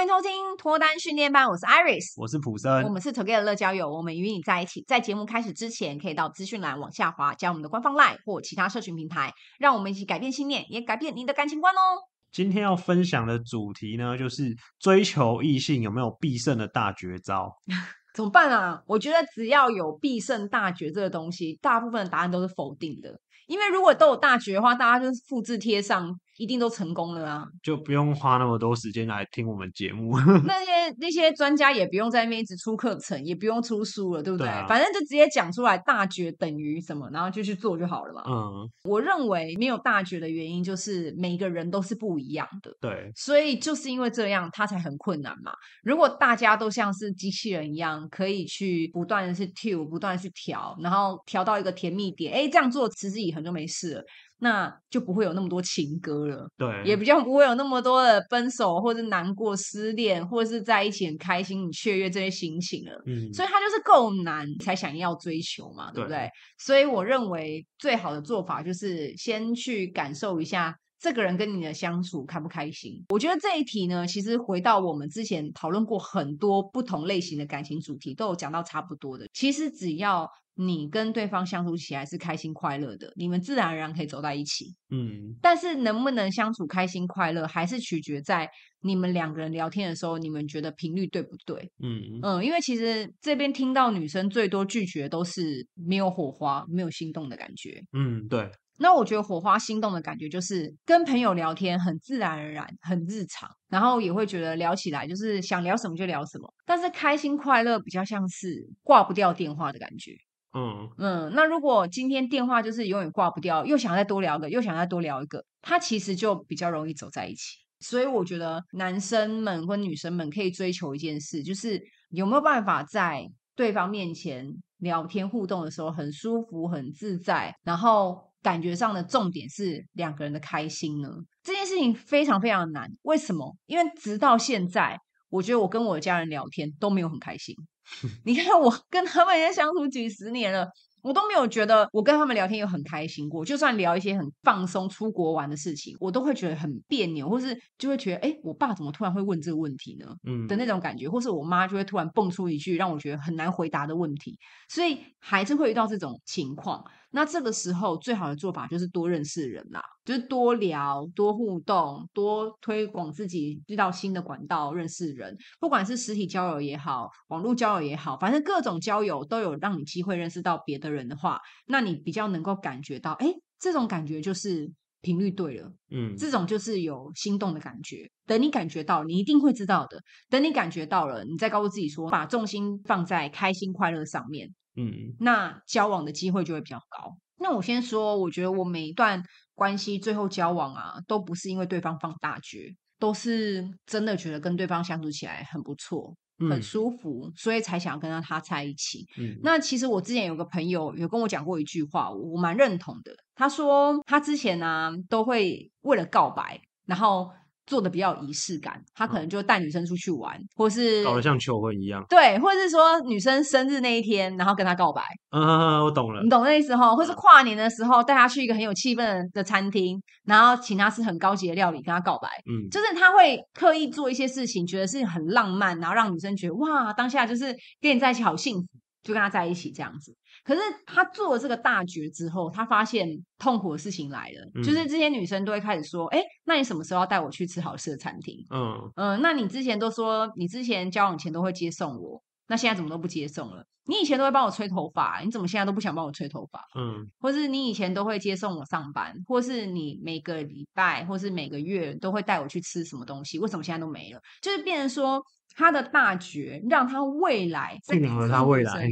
歡迎收聽脫單訓練班，我是 Iris，我是普森。我們是 Together 樂交友，我們與你在一起。在節目開始之前，可以到資訊欄往下滑，加我們的官方 LINE 或其他社群平台，讓我們一起改變信念，也改變你的感情觀哦。今天要分享的主題呢，就是追求異性有沒有必勝的大絕招？ 怎麼辦啊？我覺得只要有必勝大絕這個東西，大部分的答案都是否定的，因為如果都有大絕的話，大家就是複製貼上。一定都成功了啊！就不用花那麼多時間來聽我們節目 那。那些那些專家也不用在那邊一直出課程，也不用出書了，對不對？對啊、反正就直接講出來，大絕等於什麼，然後就去做就好了嘛。嗯，我認為沒有大絕的原因就是每個人都是不一樣的。對，所以就是因為這樣，它才很困難嘛。如果大家都像是機器人一樣，可以去不斷的去 ue, 不斷去調，然後調到一個甜蜜點，哎、欸，這樣做持之以恆就沒事了。那就不會有那麼多情歌了，對，也比較不會有那麼多的分手或者難過、失戀或者是在一起很開心、你雀躍這些心情了。嗯，所以他就是夠難才想要追求嘛，對，對不對？所以我認為最好的做法就是先去感受一下這個人跟你的相處開不開心。我覺得這一題呢，其實回到我們之前討論過很多不同類型的感情主題，都有講到差不多的。其實只要。你跟對方相處起來是開心快樂的，你們自然而然可以走在一起。嗯，但是能不能相處開心快樂，還是取決在你們兩個人聊天的時候，你們覺得頻率對不對？嗯嗯，因為其實這邊聽到女生最多拒絕都是沒有火花、沒有心動的感覺。嗯，對。那我覺得火花、心動的感覺就是跟朋友聊天很自然而然、很日常，然後也會覺得聊起來就是想聊什麼就聊什麼。但是開心快樂比較像是掛不掉電話的感覺。嗯嗯，那如果今天電話就是永遠掛不掉，又想再多聊一個，又想再多聊一個，他其實就比較容易走在一起。所以我覺得男生們或女生們可以追求一件事，就是有沒有辦法在對方面前聊天互動的時候很舒服、很自在，然後感覺上的重點是兩個人的開心呢？這件事情非常非常難，為什麼？因為直到現在。我覺得我跟我的家人聊天都沒有很開心。 你看我跟他們家相處幾十年了，我都沒有覺得我跟他們聊天有很開心過。就算聊一些很放鬆、出國玩的事情，我都會覺得很別扭，或是就會覺得，哎、欸，我爸怎麼突然會問這個問題呢？嗯的那種感覺，或是我媽就會突然蹦出一句讓我覺得很難回答的問題，所以還是會遇到這種情況。那這個時候，最好的做法就是多認識人啦，就是多聊、多互動、多推廣自己，遇到新的管道認識人。不管是實體交友也好，網絡交友也好，反正各種交友都有讓你機會認識到別的人的話，那你比較能夠感覺到，哎，這種感覺就是頻率對了，嗯，這種就是有心動的感覺。等你感覺到，你一定會知道的。等你感覺到了，你再告訴自己說，把重心放在開心快樂上面。嗯，那交往的機會就會比較高。那我先說，我覺得我每一段關係最後交往啊，都不是因為對方放大絕，都是真的覺得跟對方相處起來很不錯，很舒服，嗯、所以才想要跟到他在一起。嗯，那其實我之前有個朋友有跟我講過一句話，我我蠻認同的。他說他之前呢、啊、都會為了告白，然後，做的比較有儀式感，他可能就帶女生出去玩，啊、或是搞得像求婚一樣，對，或者是說女生生日那一天，然後跟他告白。嗯、啊啊啊、我懂了，你懂那時候，或是跨年的時候，帶她去一個很有氣氛的餐廳，然後請她吃很高級的料理，跟她告白。嗯，就是他會刻意做一些事情，覺得是很浪漫，然後讓女生覺得哇，當下就是跟你在一起好幸福，就跟她在一起這樣子。可是他做了這個大絕之後，他發現痛苦的事情來了，嗯、就是這些女生都會開始說：“哎、欸，那你什麼時候要帶我去吃好吃的餐廳？”嗯嗯，那你之前都說你之前交往前都會接送我，那現在怎麼都不接送了？你以前都會幫我吹頭髮，你怎麼現在都不想幫我吹頭髮？嗯，或是你以前都會接送我上班，或是你每個禮拜或是每個月都會帶我去吃什麼東西？為什麼現在都沒了？就是變成說。他的大絕，讓他未來配合他未來，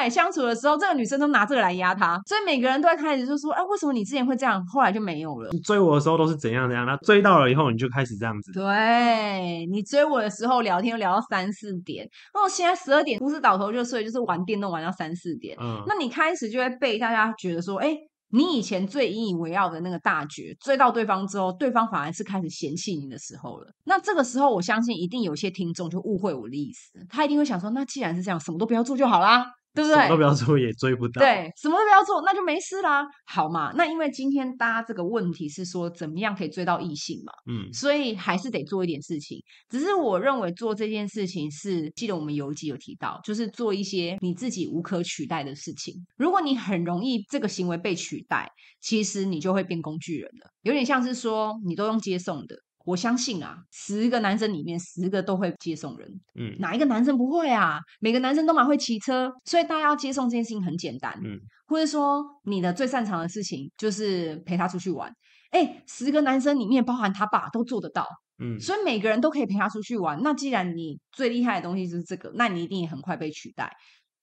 對相處的時候，這個女生都拿這個來壓他，所以每個人都會開始就說：“哎，為什麼你之前會這樣？後來就沒有了。你追我的時候都是怎樣怎樣？那追到了以後你就開始這樣子。對你追我的時候，的時候聊天又聊到三四點，那我現在十二點不是倒頭就睡，就是玩電動玩到三四點。嗯，那你開始就會被大家覺得說：哎。”你以前最引以為傲的那個大絕，追到對方之後，對方反而是開始嫌棄你的時候了。那這個時候，我相信一定有些聽眾就誤會我的意思，他一定會想說：那既然是這樣，什麼都不要做就好啦。對不對什麼都不要做也追不到。對，什麼都不要做，那就沒事啦，好嘛。那因為今天大家這個問題是說怎麼樣可以追到異性嘛，嗯，所以還是得做一點事情。只是我認為做這件事情是，記得我們有一集有提到，就是做一些你自己無可取代的事情。如果你很容易這個行為被取代，其實你就會變工具人了，有點像是說你都用接送的。我相信啊，十個男生裡面十個都會接送人，嗯，哪一個男生不會啊？每個男生都蠻會騎車，所以大家要接送這件事情很簡單，嗯，或者說你的最擅長的事情就是陪他出去玩，哎，十個男生裡面包含他爸都做得到，嗯，所以每個人都可以陪他出去玩。那既然你最厲害的東西就是這個，那你一定也很快被取代。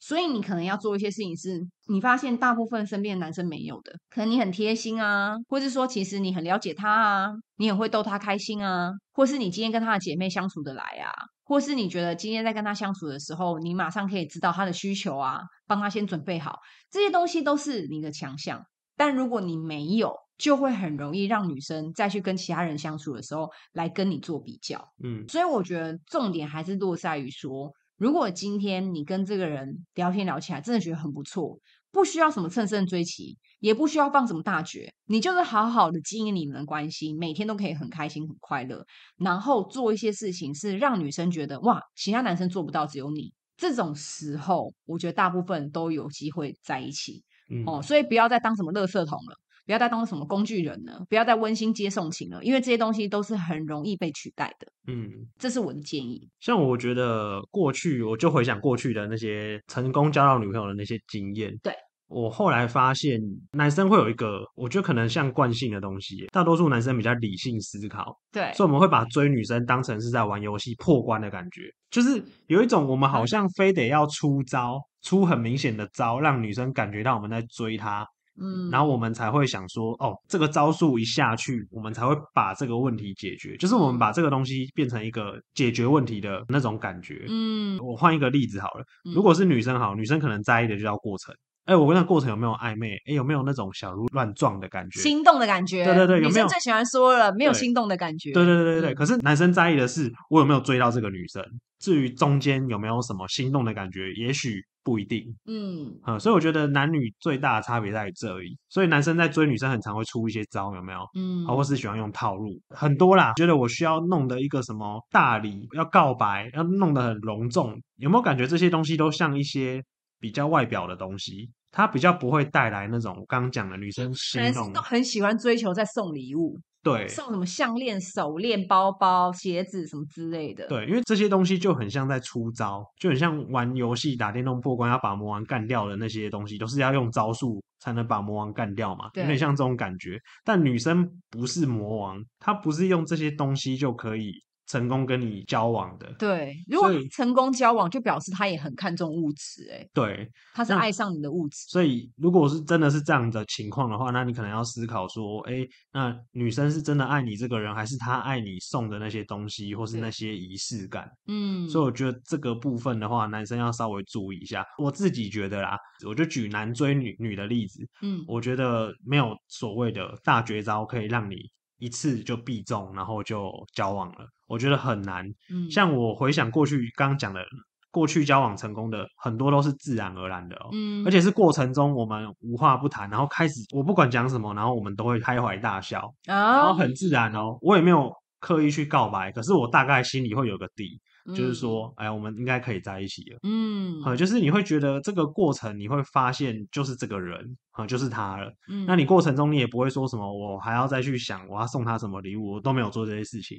所以你可能要做一些事情，是你發現大部分身邊的男生沒有的。可能你很貼心啊，或是說，其實你很了解他啊，你也會逗他開心啊，或是你今天跟他的姐妹相處得來啊，或是你覺得今天在跟他相處的時候，你馬上可以知道他的需求啊，幫他先準備好這些東西，都是你的強項。但如果你沒有，就會很容易讓女生再去跟其他人相處的時候來跟你做比較。嗯，所以我覺得重點還是落在於說。如果今天你跟這個人聊天聊起來，真的覺得很不錯，不需要什麼乘勝追擊，也不需要放什麼大絕，你就是好好的經營你們的關係，每天都可以很開心、很快樂，然後做一些事情是讓女生覺得哇，其他男生做不到，只有你。這種時候，我覺得大部分都有機會在一起。嗯，哦，所以不要再當什麼垃圾桶了。不要再當什麼工具人了，不要再溫馨接送情了，因為這些東西都是很容易被取代的。嗯，這是我的建議。像我覺得過去，我就回想過去的那些成功交到女朋友的那些經驗。對，我後來發現，男生會有一個，我覺得可能像慣性的東西。大多數男生比較理性思考，對，所以我們會把追女生當成是在玩遊戲破關的感覺，就是有一種我們好像非得要出招，嗯，出很明顯的招，讓女生感覺到我們在追她。嗯，然後我們才會想說，哦，這個招數一下去，我們才會把這個問題解決，就是我們把這個東西變成一個解決問題的那種感覺。嗯，我換一個例子好了，如果是女生好，女生可能在意的就叫過程。哎、欸，我跟他過程有沒有曖昧？哎、欸，有沒有那種小鹿亂撞的感覺？心動的感覺。對對對，有沒有女生最喜歡說了沒有心動的感覺？對對對對，對，對、嗯、可是男生在意的是我有沒有追到這個女生，至於中間有沒有什麼心動的感覺，也許不一定。嗯、啊、嗯，所以我覺得男女最大的差別在於這而已。所以男生在追女生很常會出一些招，有沒有？嗯，或是喜歡用套路、嗯、很多啦。Okay. 覺得我需要弄的一個什麼大禮，要告白，要弄得很隆重，有沒有感覺這些東西都像一些比較外表的東西？他比較不會帶來那種我剛剛講的女生心動。男生都很喜歡追求在送禮物，對，送什麼項鏈、手鏈、包包、鞋子什麼之類的，對，因為這些東西就很像在出招，就很像玩遊戲打電動破關，要把魔王幹掉的那些東西，都是要用招數才能把魔王幹掉嘛，對有點像這種感覺。但女生不是魔王，她不是用這些東西就可以成功跟你交往的。對，如果成功交往，就表示他也很看重物質、欸，哎，對，他是愛上你的物質。所以，如果是真的是這樣的情況的話，那你可能要思考說，哎、欸，那女生是真的愛你這個人，還是她愛你送的那些東西，或是那些儀式感？嗯，所以我覺得這個部分的話，男生要稍微注意一下。我自己覺得啦，我就舉男追女女的例子，嗯，我覺得沒有所謂的大絕招可以讓你。一次就必中，然後就交往了。我覺得很難。嗯、像我回想過去，剛剛講的，過去交往成功的很多都是自然而然的、喔。嗯、而且是過程中我們無話不談，然後開始我不管講什麼，然後我們都會開懷大笑，哦、然後很自然哦、喔。我也沒有刻意去告白，可是我大概心裡會有個底，嗯、就是說，哎，我們應該可以在一起了。嗯，嗯，就是你會覺得這個過程，你會發現就是這個人。啊、嗯，就是他了。嗯，那你過程中你也不會說什麼，我還要再去想我要送他什麼禮物，我都沒有做這些事情。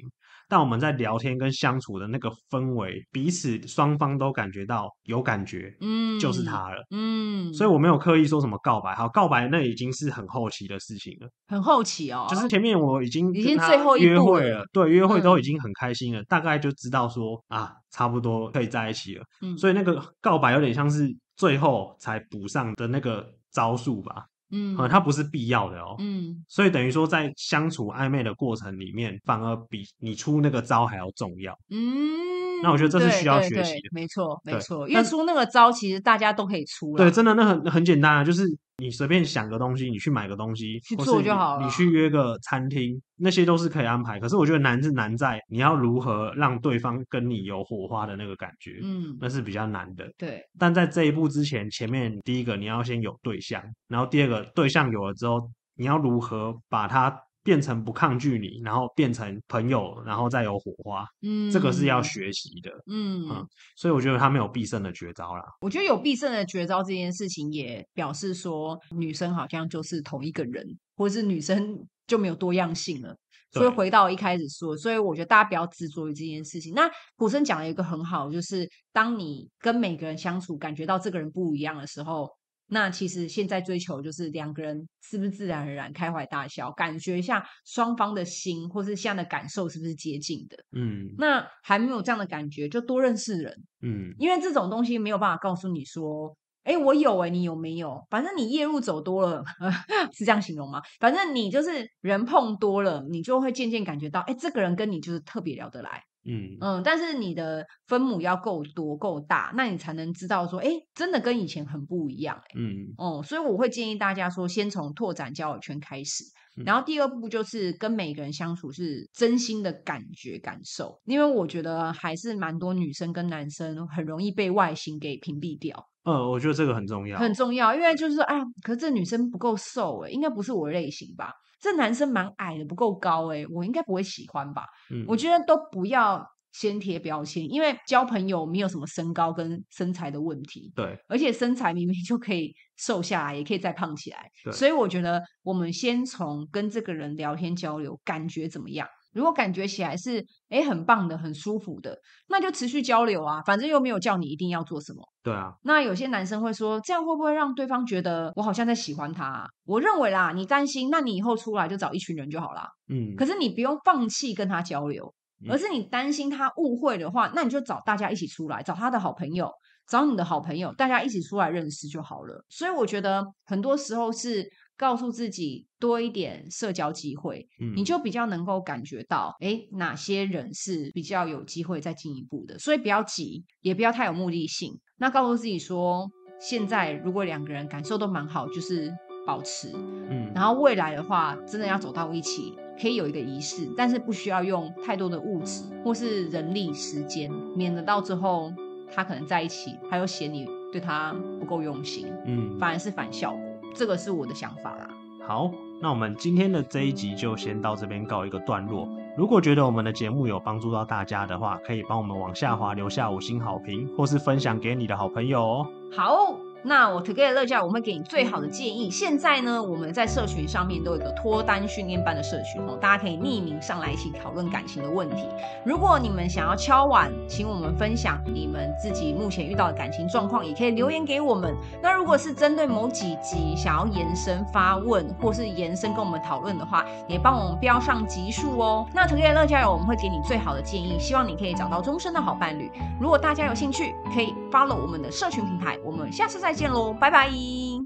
但我們在聊天跟相處的那個氛圍，彼此雙方都感覺到有感覺，嗯，就是他了，嗯。嗯，所以我沒有刻意說什麼告白，好，告白那已經是很後期的事情了，很後期哦。就是前面我已經已經最後一約會了，對，約會都已經很開心了，嗯、大概就知道說啊，差不多可以在一起了。嗯，所以那個告白有點像是最後才補上的那個。招數吧，嗯，啊，嗯，它不是必要的哦，喔，嗯，所以等於說，在相處曖昧的過程裡面，反而比你出那個招還要重要，嗯。嗯、那我覺得這是需要學習的，對對對沒錯，沒錯。對因為出那個招，其實大家都可以出。對，真的，那很很簡單啊，就是你隨便想個東西，你去買個東西，去做就好了你。你去約個餐廳，那些都是可以安排。可是我覺得難是難在你要如何讓對方跟你有火花的那個感覺，嗯，那是比較難的。對，但在這一步之前，前面第一個你要先有對象，然後第二個對象有了之後，你要如何把他。變成不抗拒你，然後變成朋友，然後再有火花，嗯，這個是要學習的，嗯、嗯，所以我覺得他沒有必勝的絕招啦，我覺得有必勝的絕招這件事情，也表示說女生好像就是同一個人，或是女生就沒有多樣性了。對所以回到一開始說，所以我覺得大家不要執着於這件事情。那普森講了一個很好，就是當你跟每個人相處，感覺到這個人不一樣的時候。那其實現在追求就是兩個人是不是自然而然開懷大笑，感覺一下雙方的心或是現在的感受是不是接近的？嗯，那還沒有這樣的感覺，就多認識人，嗯，因為這種東西沒有辦法告訴你說，哎，我有哎、欸，你有沒有？反正你夜路走多了，呵呵，是這樣形容嗎？反正你就是人碰多了，你就會漸漸感覺到，哎，這個人跟你就是特別聊得來。嗯，但是你的分母要夠多夠大，那你才能知道說，哎、欸，真的跟以前很不一樣、欸，嗯，哦、嗯，所以我會建議大家說，先從拓展交友圈開始。然後第二步就是跟每個人相處是真心的感覺感受，因為我覺得還是蠻多女生跟男生很容易被外形，給屏蔽掉。嗯，我覺得這個很重要，很重要，因為就是說，啊，可是這女生不夠瘦哎、欸，應該不是我類型吧？這男生蠻矮的，不夠高哎、欸，我應該不會喜歡吧？嗯，我覺得都不要先貼標籤，因為交朋友沒有什麼身高跟身材的問題，對，而且身材明明就可以瘦下來，也可以再胖起來，對。所以我覺得我們先從跟這個人聊天交流，感覺怎麼樣？如果感覺起來是欸，很棒的、很舒服的，那就持續交流啊，反正又沒有叫你一定要做什麼，對啊。那有些男生會說，這樣會不會讓對方覺得我好像在喜歡他啊？我認為啦，你擔心，那你以後出來就找一群人就好啦。嗯。可是你不用放棄跟他交流。而是你擔心他誤會的話，那你就找大家一起出來，找他的好朋友，找你的好朋友，大家一起出來認識就好了。所以我覺得很多時候是告訴自己多一點社交機會，嗯，你就比較能夠感覺到，哎，哪些人是比較有機會再進一步的。所以不要急，也不要太有目的性。那告訴自己說，現在如果兩個人感受都蠻好，就是保持，嗯，然後未來的話，真的要走到一起。可以有一個儀式，但是不需要用太多的物質或是人力時間，免得到之後他可能在一起，他又嫌你對他不夠用心，嗯，反而是反效果。這個是我的想法啦。好，那我們今天的這一集就先到這邊告一個段落。如果覺得我們的節目有幫助到大家的話，可以幫我們往下滑留下五星好評，或是分享給你的好朋友哦。好。那我 together 樂交友，我們會給你最好的建議。現在呢，我們在社群上面都有一個脫單訓練班的社群哦，大家可以匿名上來一起討論感情的問題。如果你們想要敲碗，請我們分享你們自己目前遇到的感情狀況，也可以留言給我們。那如果是針對某幾集想要延伸發問，或是延伸跟我們討論的話，也幫我們標上集數哦。那 together 樂交友，我們會給你最好的建議，希望你可以找到終身的好伴侶。如果大家有興趣，可以 follow 我們的社群平台，我們下次再。再見嘍，拜拜。